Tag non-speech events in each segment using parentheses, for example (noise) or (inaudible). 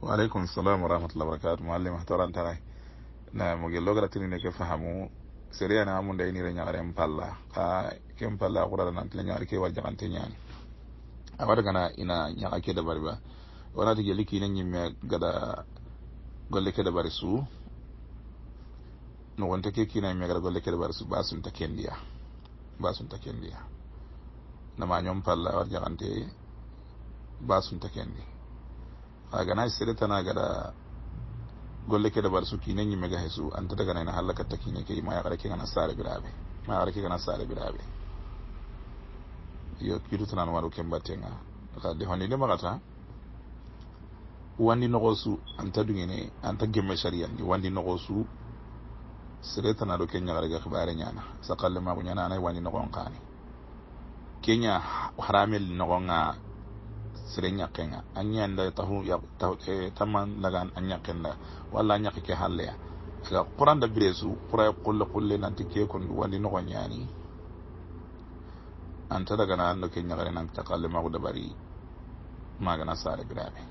waaleykum salam warahmatullah wabarakatu mallim hatorantaray na mo gel logaratirine ke faamu sériana amunde inire ñaare m palla ha kem palla xurata nantile ñaare ke wa jaxante ñaani a watagana ina ñaxa ke dabari ba wonati gelli kiine ñimme gada golle ke dabari su nuxonte ke kiina ñimme gada golle ke dabari su ba sunta kendiya ba sunta kendiya namañom palla war jaxante ba sunta kendi tana ga da gulle ke da barsu kinen yimme ga hesu ta daga na halaka ta kine ke ma yakara ke gana sare birabe ma yakara ke gana sare birabe yo kirutanano waɗo kembatenga ka de ne magata wandi nogo su ne an ta gemme sariyandi wandi nogo su siretana ɗo ke ñagarega hibare ñana sakalle mago na anay wani nogon kane kenya haramel nogonga sire ñakkenga a ñenda tahu ya daga lagan a ñakkenda wala an ñakki ke halleya aga quranda biresu quraye qulle qulle ta ke kondu walli nogo ñani anta dagana anno ke ñagare nan takalle magu dabari magana sare biraɓe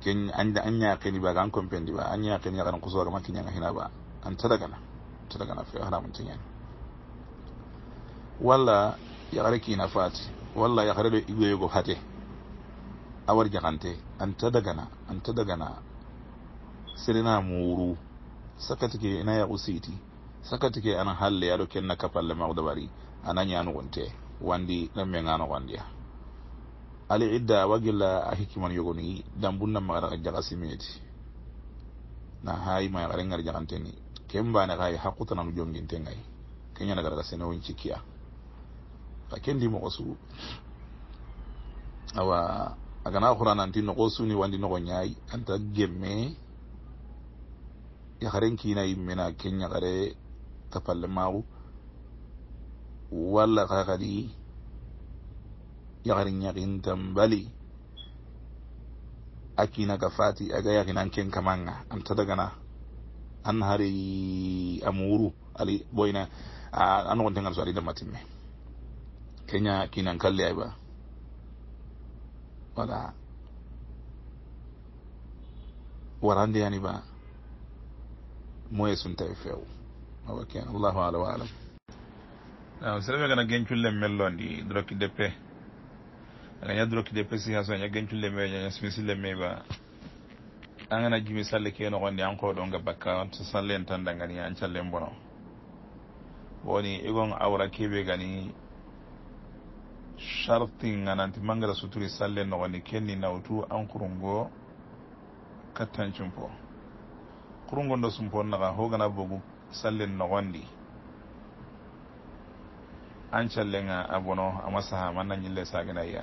ken anda an ni ba gan compendi ba an ñakeni ñagaran kusogama kiñaga hina ba anta dagana anta dagana fe Wala ya yagare kina fati walla yakarede iweyego hate awar jakante anta dagana anta dagana serena muru sakatike ina yaku siti sakatike ana halle aɗo kenna kapalle mako dabari ana ñanugonte wandi ɗamme gano wandiya ali idda wagilla a hikiman yogoni dambunnan magara jaka simeti na hayi ma yakaren gar jakanteni kembane kayi hakkutananu jonginten gayi keñanagaraga senewon cikkiya a kendimo ko suu awa a gana xuran anti noxo suuni wandi noxo ñaay anta gemme yaxaren kiina yimmena kenñaxare tapalle maaxu walla xaxadi yaxarin ñaxin tambali a kiina ka fati aga yaxinan ken kamanga anta dagana an hari amuru ali boyna a noxontengan so ali damatinme kenya kinan kalle ay ba wala warande yani ba moye sunta e few awa ken allahu ala wa alam aw sereɓe gana gencule mellondi drokki deppe agaña drokki deppe si haso aña gencule me ñaña simisille me ba angana jimi salle ke nogondi an koɗo ga bakka to salle en tan dangani an callen bono woni egon awra keɓe gani sharti ŋananti mangala suturi salle nogoni kenni nawutu an kurungo kattancinpo kurungon do sumpo naga hogana bogu salle nogondi an callenga a bono ama saha manna ñille saginaya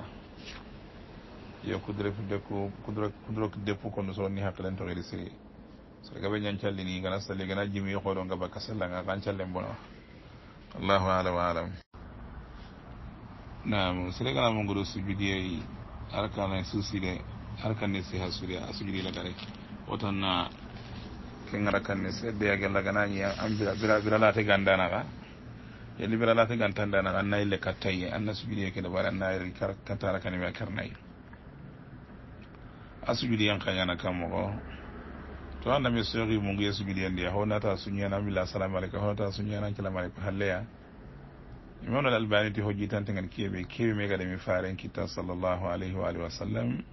yo kudrek deku kudrek depu kondo soro ni hakkilen toxiri siri soro gabe ñan ni gana salle gana jimi xoɗo nga bakka sallanga kan callen bono allahu alam wa alam nam sereganal mo ngoɗo sujudi e ay arakana e suside arakanne se ha suude a sujudi lagare o tan ke arakanne se deyage laganañi ambiralate gandanaɗa yali biralate gantandanaɗa annayi le kattaye anna sujudi e keɗe ɓaari annayi katta arakane wea karnayi a sujudi yen kañana kammoko to anda mi sooki mungu ye sujudi endiya honata suñana mbila asalamu aleykum honata suñana ancalamu aleykum halleya mi wonal albani ti hojji tan tegan kewiɓe kewi mi kadi mi farenki tan sallllahu alayhi wa alihi wa sallam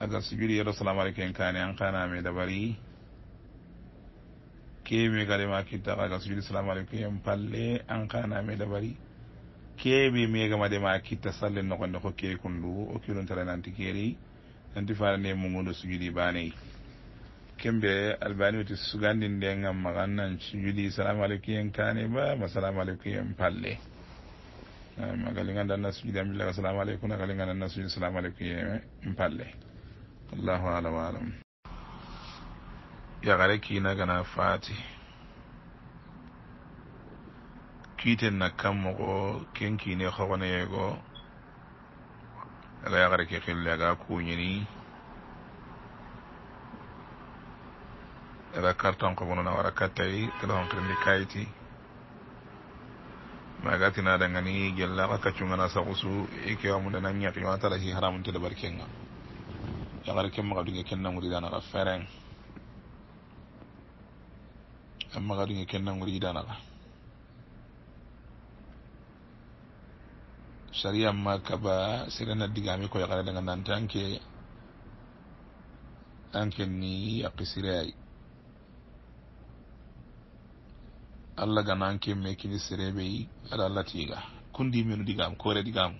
aga sujudi yeto salamu aleykum en kane an kanami e dabari kewi mi kadi ma kitta aga sujudi salamu aleykum en palle an kanami e dabari kewi megamade ma kitta salle nogonde ko kewi kon ndu o kiɗon tara nanti keri nanti farande e mugundo sujudi banayi kembe albani wati sugandinde gam magan nan cijuli salamu aleykum yen kane ba ma salamu aleykum yen palle eh, ma gali ganda nasujudi amillaka salamu aleykum na gali ganda nasujudi salamu aleykum ye palle allahu alam alam yagare kina gana fati kiten na kam mogo ken kine hogoneyego aga yagare ke xille aga kuñini Ada karton ko bununa wara kattayi telefon kirindi kayiti magatina dangani gella ya ka kaccungana sakusu ikewa munda nan ñaki yona tara hi haramun tele barkenga yakar ken maga dunge ken nanguri danaga Fereng. an maga dunge ken nanguri danaga sharia ma kaba sirena digami ko yakare daga nante anke anke ni ya ay allah gananke me kini sereɓey aɗa allah tiiga kondimino ɗigam koore ɗigamu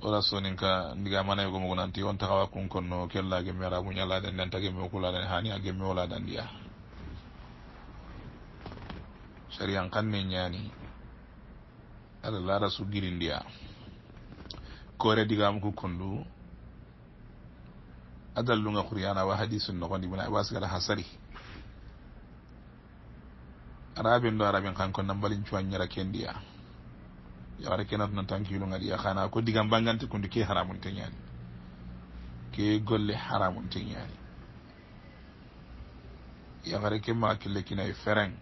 ora sonin ka ndigama nayi gomogo nanti on tawa kon konno kella gemmi ara muñalade nden ta gemmi okulade hani a gemmi oladan ndiya sarian kanne ñaani aɗa laara sugiri ndiya koore ɗigamu ko kondu adallunga qouryana wa hadisu nogondi mina wasgala ha sari arabin do arabin kanko nan mbalin nyara kendiya yawara kenat non tan kiilo ngadi yakana ko digam bangante ko ke haramun teñani ke golle haramun teñani yagare ke ma kille kinayi e fereng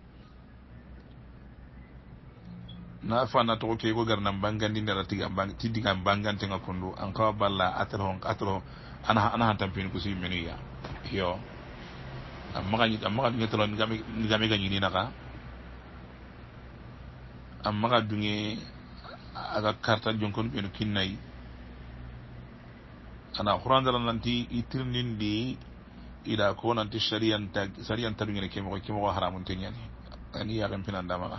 na fana to ke gar garnan bangandi bang ti digam ngako ndu an ka balla atalhon atalhon ana han tampini kusi menuya yo amma ga amma ga ngami ga ni naka amma ka dunge aga karta jonkon ɓeno kinnayi ana xurandara nanti i tirnindi ida ko nanti sharianta sharianta dungene kemoxo kemoxo haramunte ñani ani yaxen pinandamaxa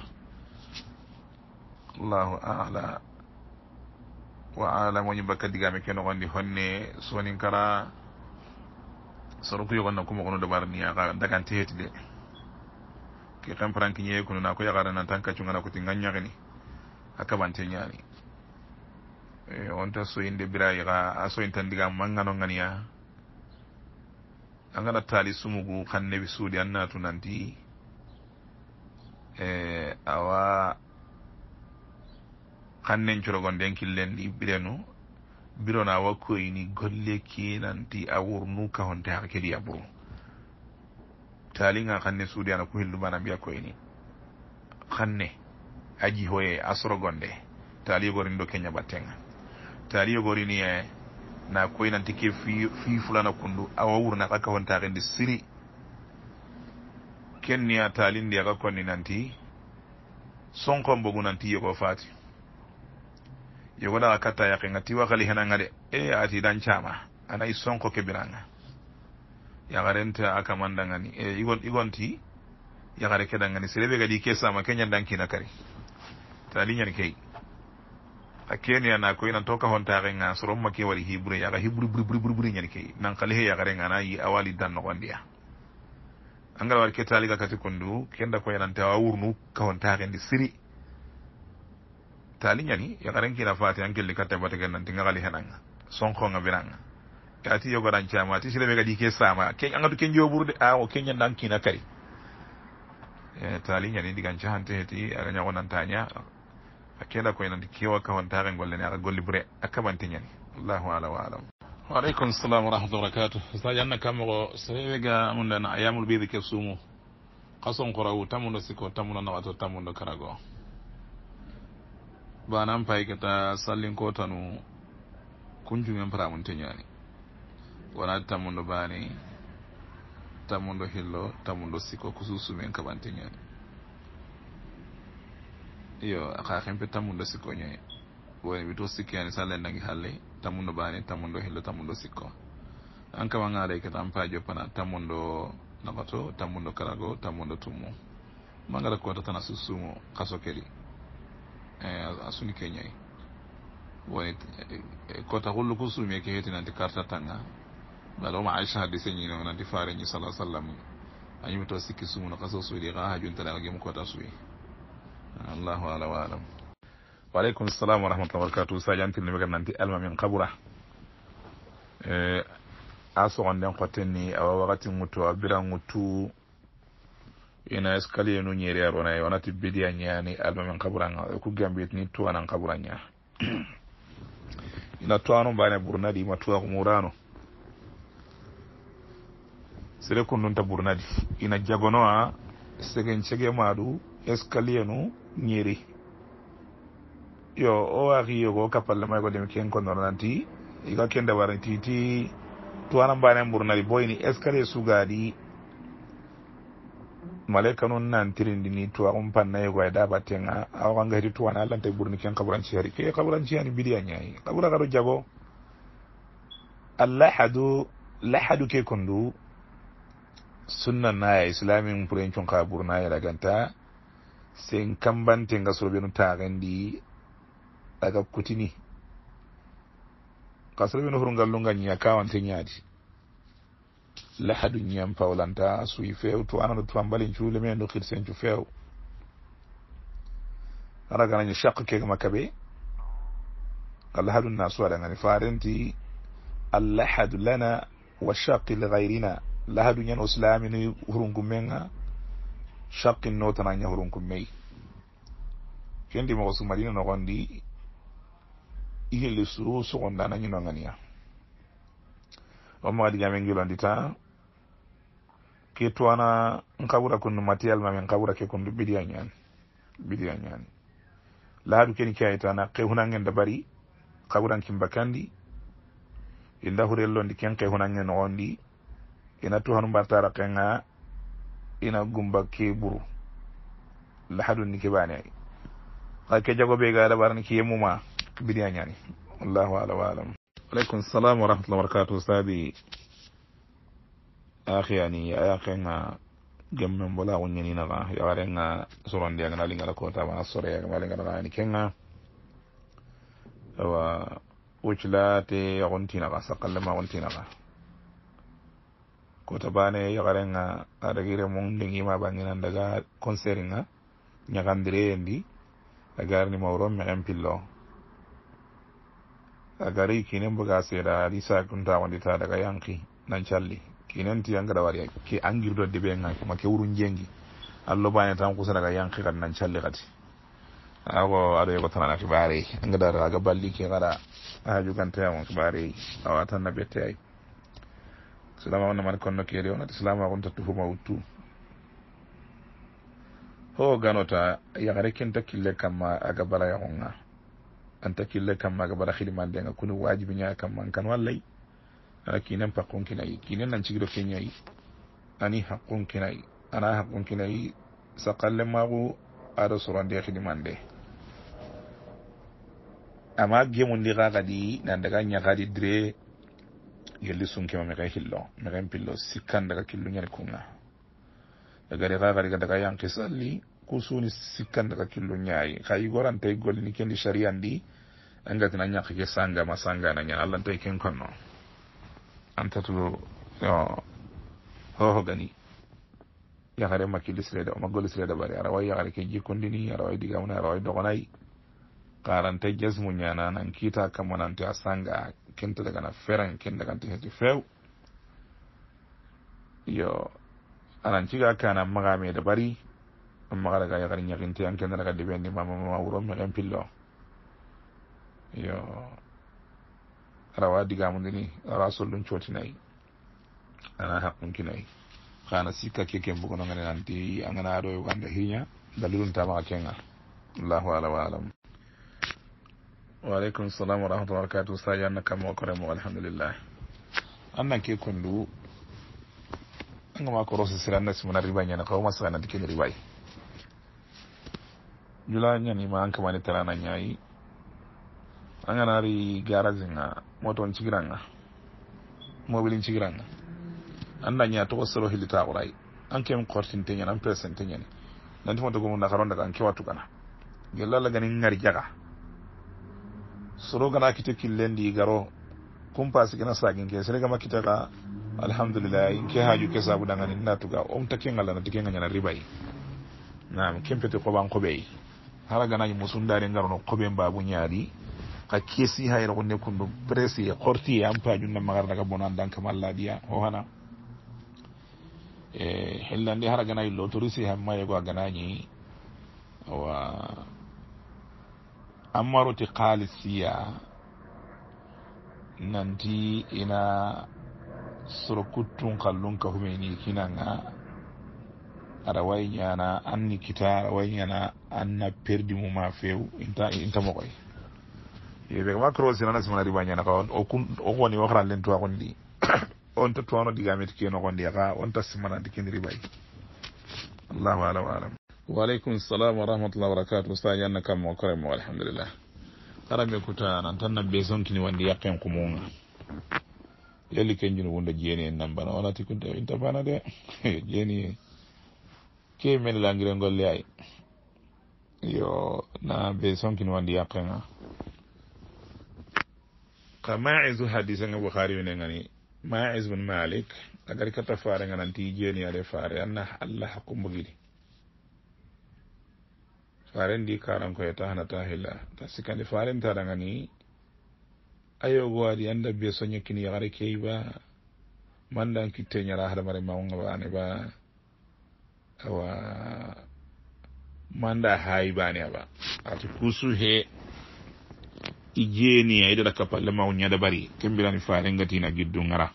allahu ala wa ala moñi bakka digame ke noxondi honne sonin kara soroku yogonna kumoxono dabar ni aga dagante heti de ke kan franki ne kunu na ko ya garana tan ka cunga na ko tinganya gani aka bante nyani e on ta so inde birai ga aso in tan diga ya anga na tali sumugu kan ne bi suudi anna nanti e awa kannen gon den killen di birenu birona wa koyni golle ki nanti a wurnu kahonte haka kedi a ɓuru talinga xanne suudiyana ku hillumana mbiya koyni xanne a jihoye a sorogonde taali yogorini do ke ñabattenga taali yogorini ye na koynanti eh, ke fi fulana kundu awa wurna xa kawantaxendi siri ken niya ni a taalindi axa konni nanti sonkon bogu nanti yogo faati yogo daxa katta yaqenga tiwa xali henanga de e eh, ati dan caama anayi sonko ke biranga yagarenta aka mandangani e eh, igon igonti yagare kedangani serebe gadi kesa ma kenya danki na kari talinyan kei a kenya na ko ina toka honta ga nga soro ma ke wari wali ya ga hibure buri buri buri buri nyani kei nan kale he yagare nga na yi awali dan no gondiya angal war ketali ga kati kondu kenda ko yanan tawa wurnu ka honta ga ndi siri talinyan yagare na fati an gelle katta ga nan tinga kale henanga sonko nga biranga kati yo garan chama ti sile mega dike sama ke sama angatu a o awo keñanɗan kina kai e kari eh, taali ñani digan cahante heti aɗa ñagonantaña a keɗa koye nanti kewa tare golle ne aɗa gollibure a kaɓante nyani allahu ala wa alam wa waaleykum assalam wa rahmatullahi wa barakatuh sa barakatu kam anna kammoxo mun mundana ayamul ɓiri ke sumu xason xorawu tamundo siko tamundo naxato tamundo karago ba nan fayi ta sallin keta sallinkotanu kunjungen paramunte ñani wana tamundo bani tamundo hilo tamundo siko kususu men kabanti nya yo aka khimpe tamundo siko nya woni bito siki ani sale nangi halle tamundo bani tamundo hilo tamundo siko anka wanga ale ka tampa jo pana tamundo nabato tamundo karago tamundo tumu manga da kwata tana susumo kasokeli eh asuni kenyai woni e, e, kota hulu kusumi ke heti nanti karta tanga maloma aicha hadise ñino nanti faare ñi sala sallam añimi to sikki na kaso suudi ka ha juntalaga gemu kota suuyi allahu ala wa alam wa alaikum salam wa rahmatullahi wa rahmatullah wabarakatu ni gam nanti alma min kabura e, a sogonden kotenni awa wakati ŋuttu a bira ŋuttu ina escalier nu ñeeri aronayi wonati bidiya nyani alma min kaburanga ku gambitini tuwanan kabura ña (clears throat) ina tuwanu mbane burunadi matuwa tuwa kumurano sere konnunta burnadi ina jagonoa segen cege maɗu escalier nu ñeri yo o ari yo ko kapal may ko dem ken ko nanti iga ken kende waranti ti tuwana mbanen burnadi boyini escalier sugaɗi malaika nun nantirindi ni to on tuwaxum pannayegoye da to awaxangahiti tuwana te burni ken kabran xaburancihari ke kabran xaburancihani bidiya ñayi kabura garo jago allahadu lahadu ke kondu sunna naya islami puren conka ɓurnaye daga nta sen kambante gasoroɓe no taxendi daga kutini kasoroɓe no horgallunga ñiya kawante ñaadi lahadu ñiyam pawlanta suyi few to anano tuwambalin cuule me no xir sencu few araganañi chaq kegama kaɓe a lahadu na suwaɗangani farenti allahadu lana wa chaqi li gayrina lahadu ñande o silamini hurungu menga chakqin notananña hurunku mey kendima ko sumadina noxondi ihilli su sogonda nañinonganiya o magadigame ngilondi ta ke towana nkawura kundu matiyalmame nkawura ke kundu bidiya ñani bidiya ñani lahadu keni keyaytana ke hunangenda bari kawurankimba kandi inda hurellondi ken ke hunange noxondi ina tu hanu mbartara kenga ina gumba ke buru lahadu ni ke bani ay ka ke jago be gala bar ni ke muma bidi anyani wallahu ala wa alam alaykum assalam wa rahmatullahi wa barakatuh ustadi akhi yani aya kenga gemme mbola ko nyini na ga ya renga soron dia ngala lingala ko ta ba sore ya ngala ngala ni kenga wa uchlate yontina ga sakalle ma yontina ga koto bane yogarenga adagire mun lingima banginan daga concert nga ñagandireyendi a gar numéro mexen pillo a gari kinen boga seeda adi sakuntamandita daga yanki nan calli kinen ti anga dawari ke angirdo debenga ma ke wuru jengi allo bane tan kusa daga yanki kati nan calli kati ako aɗo yego tanana kibareyi anga dar aga balli ke gaɗa ajugantayamo kibareyi awa tanna bettey silama on namani konno keeri onati silama on tattu fo ma uttu ho ganota yagare ken takkille kamma aga balayaxonga an takkille kamma aga bala xilimandenga kuni wajibiñaa kamma n kan wallay ana kinen pakkunkinayi kinen nan cigiro keñayi ani hakkunkinayi ana hakkunkinayi sakalle maxu ada soronde xilimande ama gemundi xa xadi nandaga ñaxadi dre yelli sunkima mi kay hillo mi kan pillo sikkan daga killu ñani kunga e gari rafariga daga yanki salli ku suni sikkan daga killu ñayi xay gorantay gollini kendi sariyandi engatina ñakkike sangama sangana ñana allantay e ken konno antatu hoho gani yakare makkilli sireda oma golli sireda bari arawa yakare ke jikkundini arawa digamuna arawa dogonayi karante jes mu ñanana kiita kammananti a sanga a kenta dagana feran kendaganti heti few yo anan ciga kana magamede bari maga daga yagar ñaginti an kenda daga diɓendi mamama wuro mexen pillo yo rawa digamudini awa sollun cotinayi ana hakkunkinayi xana sikka keke mbugonogane nanti angana aɗo yogande xiña dalilum tamaxa kenga allahu ala wa alam waleykum salam wa rahmatullah barakatu sadi anna kam o koremo alhamdulillah annanke kondu angama ko rosi sir anna simona riba ñane ko ma sanadi kene ribay jula ñanima ankamani tarana ñayi anganari garage nga motone cigiranga mobile n cigiranga anda ña togo solo hillita qurayi ankem qortinte ñane an presente ñane nanti fonto gomu nda xaro ndaga anke wattugana gellallagani ngari jaga sorogana kite killendi garo kumpasi kena sagin ke serega makkitaka alhamdulillah inke haju ke sabu dangani ndina tuga omta kengalla nati kenga ñana ribayi nam kempete koɓan koɓeyi hara ganaji musundari garono koɓe mbabu ñaaɗi ka kesi hayre ko nekkundu pressie hortie ampajunna magara daga bona dankamallaɗiya hohana e eh, hellandi hara ganaji lotorisi hammayego a ganaji awa amaruti kalisiya nanti ina soro kuttun kallun ka humeni kinanga ara wayñana an ni kita ara wayñana an na perdi mu ma few inta inta mokoy ma crosinana simana riba ñana ka o woni woxran len twaxondi (coughs) onta twano digamet kenoxondi xa onta simanandi kin ribay allahu alam alam waleykum salam warahmatullah wabarakatu ustaji anna kammo koremo alhamdulillah ara mbe kuta nan tan nabbe sonkini wonde yaqen ko muga yalli kenjuno wunda jeeni en nambana onati kunta e intabana de (laughs) jeeni kewi men langire golle ay yo na be sonkini wonde yaqenga ka maizu hadise nga bouhari wine gani maiz bun malik agari kata faare nga nanti jeeni ade faare anna allah hakkumbogiɗi farendi karan ko yata e hana ta hila ta sikandi farin ta daga ni ayo gwadi anda biya sonya kini ya gare kei ba manda an kitte nyara hada mare maunga ba ane ba awa manda hai ba ane ba ati kusu he ijeni ya ida da kapalle maunya da bari kembira ni farin gati na giddu ngara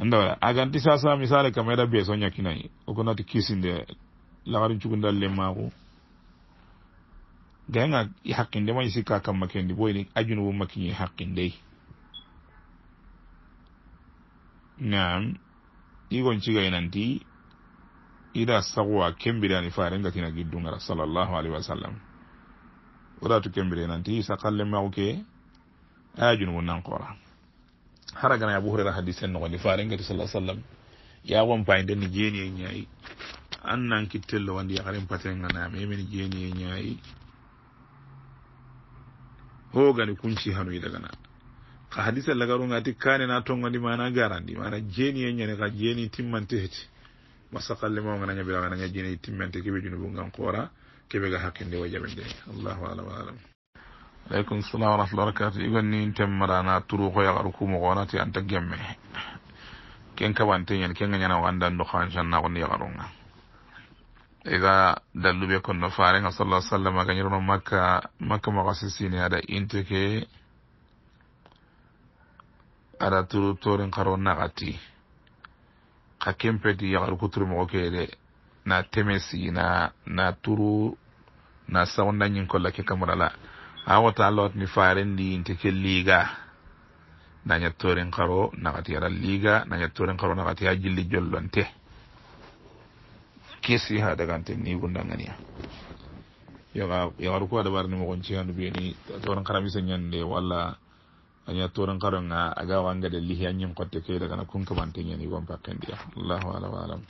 anda wala aganti sasa misale kama yada biya sonya kinai okonati kisinde lagarin chukunda lemaku gaŋa i hakkinde ma i sikka kamma kendi boyni ajunu wo makkiñi e hakkindey naam i gon cigay nanti i da sagwa kembidani fare ngatina giddungara salallahu alaihi wasallam wo datu kembire nanti i sakalle magu ke ayajunu wo nankora haragana abu hurera hadise nogondi fare ngati sala sallam yagon payindenni jeeniye ñayi an nan kittelowandi yakarin patenga naame emeni jeeniye ñayi hogani kunci hanoyi e dagana ka hadisa lagarungati kane na tongandi mana garandi mana jeni yeñane ka jeni timmante heti masakallemoganañabiraganaña jeni timmante keɓe juni bongan kora keɓe ga hakkinde wajaɓende allahu alam alam aleykum salam warahmatulah barakatu igonni temmaɗana turu koyakaru kumogonati anta gemme ken kaɓanteñen kenga ñana o andanɗo hansannakondi yakarunga ega dalluɓe kon no farenga sallah sallam agañirono makka makka mo xasisini aɗa inteke aɗa turu torin xaro naxati xa kempeti yaxaru kuturu moxo ke de na temesi na na turu na sawonda ñin kolla ke kamarala a xota lowatni faren ndi inte ke liga naña torin xaro naxati aɗa liga naña torin xaro naxati a jilli jollonte kesi ha dagante ni gundagania yoga yogaru ku adabarani mogon ciyanu beni toran karamise ñande walla aña toran karonga agawa ngade lihi a ñin kotte ke dagana kunkabante ñani gompakkendiya allahu ala walam